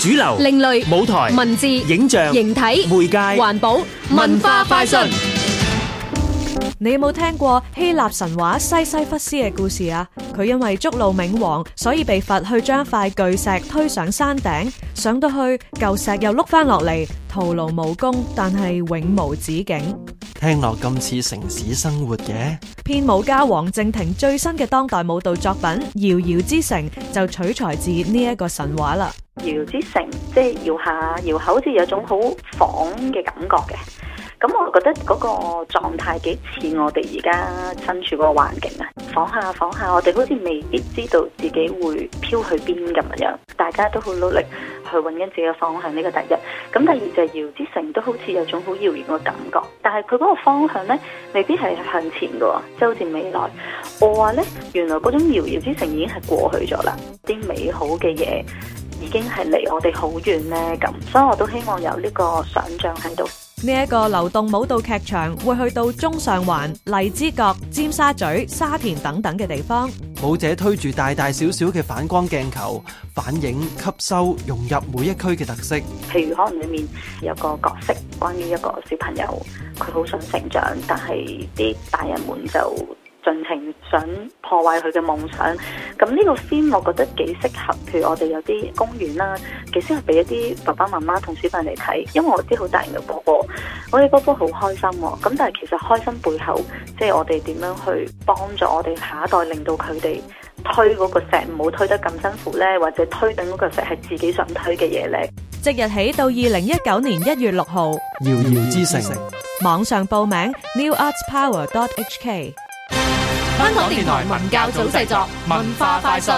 主流、另類、舞台、文字、影像、形體、媒介、環保、文化快訊。你有冇聽過希臘神話西西弗斯嘅故事啊？佢因為捉弄冥王，所以被罰去將塊巨石推上山頂，上到去，舊石又碌翻落嚟，徒勞無功，但係永無止境。聽落咁似城市生活嘅編舞家王正廷最新嘅當代舞蹈作品《遙遙之城》，就取材自呢一個神話啦。搖之城，即係搖下搖下，搖下好似有種好晃嘅感覺嘅。咁我覺得嗰個狀態幾似我哋而家身處個環境啊，晃下晃下，我哋好似未必知道自己會飄去邊咁樣。大家都好努力去揾緊自己嘅方向，呢、這個第一。咁第二就係、是、搖之城都好似有種好遙遠嘅感覺，但係佢嗰個方向呢，未必係向前嘅，即、就、係、是、好似未來。我話呢，原來嗰種搖搖之城已經係過去咗啦，啲美好嘅嘢。已經係離我哋好遠呢。咁，所以我都希望有呢個想像喺度。呢一個流動舞蹈劇場會去到中上環、荔枝角、尖沙咀、沙田等等嘅地方。舞者推住大大小小嘅反光鏡球，反映、吸收、融入每一區嘅特色。譬如可能裏面有個角色，關於一個小朋友，佢好想成長，但係啲大人們就盡情想破壞佢嘅夢想，咁呢個 theme 我覺得幾適合，譬如我哋有啲公園啦，幾適合俾一啲爸爸媽媽同小朋友嚟睇，因為我啲好大型嘅波波，我哋波波好開心，咁但係其實開心背後，即係我哋點樣去幫助我哋下一代，令到佢哋推嗰個石唔好推得咁辛苦呢？或者推頂嗰個石係自己想推嘅嘢呢？即日起到二零一九年一月六號，搖搖之城網上報名 newartspower.hk 香港電台文教組製作，文化快訊。